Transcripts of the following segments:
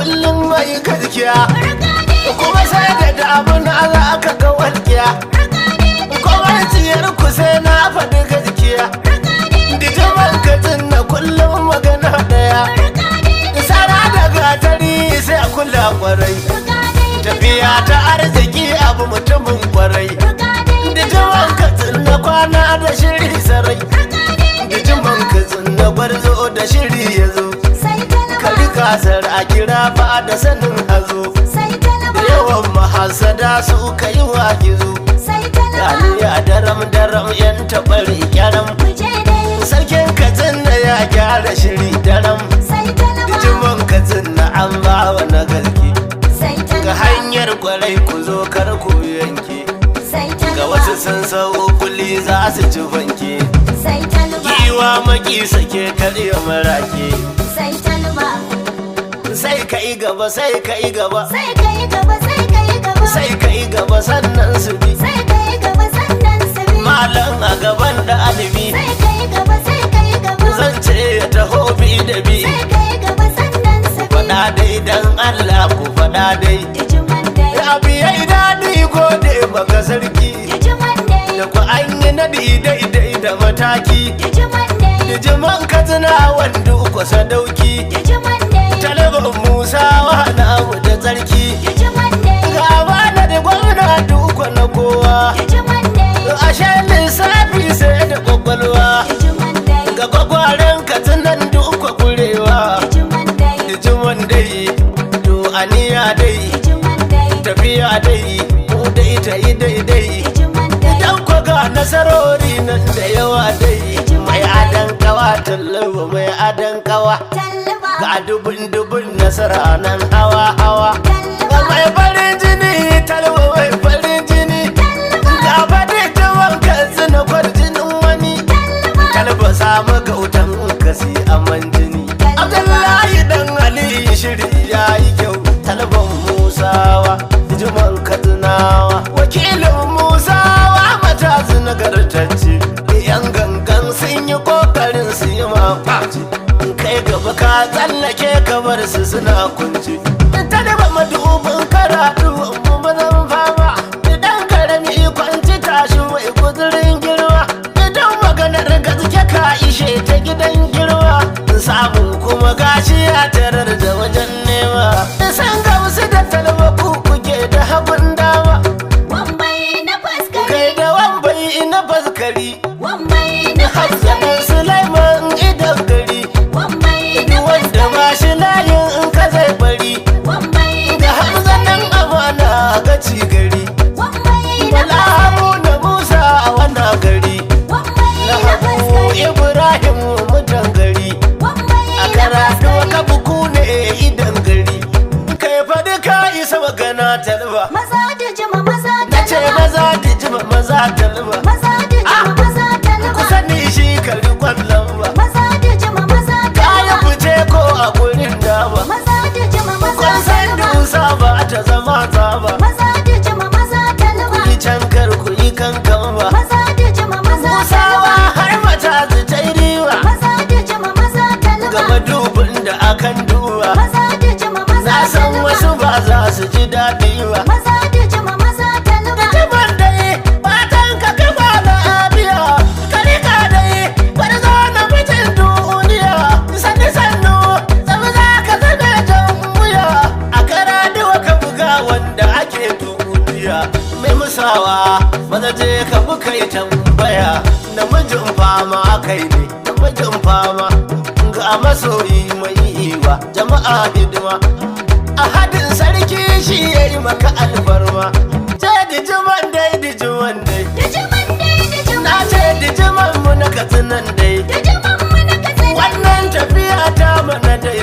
kullum mai karkiya kuma sai da da abin ala aka ga walkiya kwamarciyar ku sai na faɗi gaskiya dita katin na kullum magana daya sara da gatari sai kula kwarai tafiya ta arziki abu mutumin kwarai la'asar a kira ba da sanin hazo yawan mahasada su ka yi wa gizo ya daram daram yan tabari gyaram Sarkin katsin da ya gyara shiri daram Jimin katsin na an ba wa na Ga hanyar kwarai ku zo kar ku yanke Ga wasu sun sau kuli za su ci banke Kiwa maki sake karya marake kai gaba sai kai gaba sai kai gaba sai kai gaba sai kai gaba sannan su bi sai kai gaba sannan su bi malam a gaban da alibi. sai kai gaba sai kai gaba zan ce ya taho bi da bi sai kai gaba sannan su bi fada dai dan Allah ku fada dai rabi ya yi ko da baka sarki da ku an yi naɗi dai da mataki da jiman katina wanda ku sadauki sarki gawa na da gwamna duka na kowa ashe lissafi sai da kwakwalwa ga kwakwaren katinan duka kurewa hijiman dai to aniya dai tafiya dai mu dai ta yi daidai idan ku ga nasarori nan da yawa dai mai a kawa tallo mai adan kawa ga dubun dubun nasara nan awa awa. Ga mai ji suna ku ya isa magana talba maza da jima maza talba nace maza da jima maza talba maza da jima maza talba ah! ku sani shi kalli kwallon ba maza da jima maza talba kaya fice ko a gurin dawa maza da jima maza talba ku san dusa ba ta zama ta wasu ba za su ji daɗi ba maza da jima maza da luba kiban dai matan ka kiba da abiya karika dai bari zo na fitin duniya sanni sannu zama za ka jan wuya a kara duwa ka buga wanda ake duniya mai musawa maza je ka buka tambaya namijin fama kai ne namijin fama ga masoyi mai iwa jama'a hidima A hadin sarki shi ya yi maka alfarma ce dijiman dai dijiman dai dai na ce dijiman mu na katsinan dai dijiman mu na katsinan wannan tafiya ta mana dai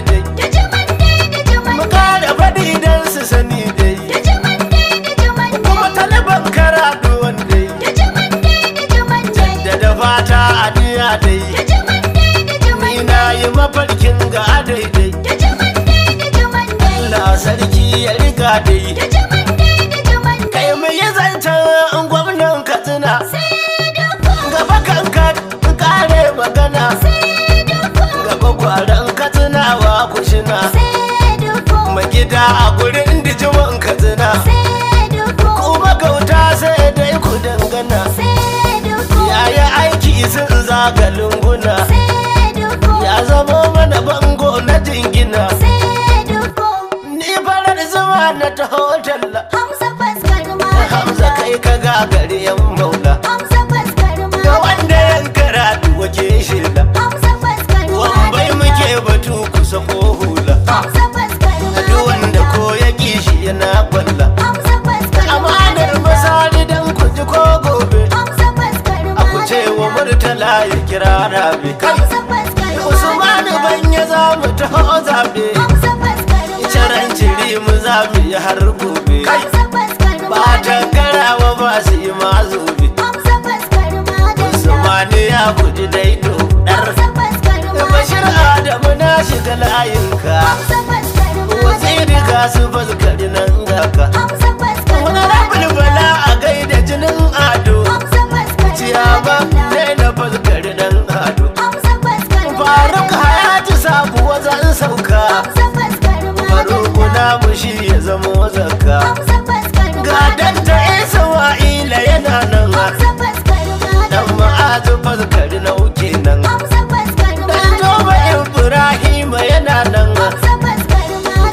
sarki ya riga da yi. Kai mai yi zancen gwamnan Katsina. Gaba kanka kare magana. Gaba gwaran Katsina wa kushina. Magida a gurin dijiman Katsina. Sai Kuma gauta sai dai ku dangana. Sai Yaya aiki sun zaga lunguna. Ya zama mana bango na jingina. na ta talla hamza fuskar hamza kai ka gagare yan maula hamza fuskar ma ga wanda yan karatu waje shilla hamza fuskar ma wambai muke batu kusa ko hula hamza duk wanda ko ya kishi yana kwalla hamza fuskar ma amanar masali dan ku ji ko gobe hamza a ku ce wa murtala ya kira rabi hamza fuskar ma usman ban ya za mu taho zabe za mu yi har gobe ba tankarawa ba su yi ma zobe usmani ya guji daido dar bashir adamu na shiga layinka Waziri ka su faskari nan gaka wani rabin bala a gaida jinin ado ciyaba dai na faskari nan ado faruk hayatu sabuwa zan sauka namu shi ya zama zakka gadan ta isa Ila yana nan dan ma'azu faskari na uke nan dan toba ibrahima yana nan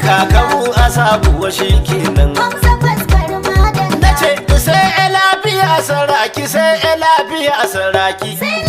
kakamu asabu wa shi kenan na ce sai lafiya saraki sai lafiya saraki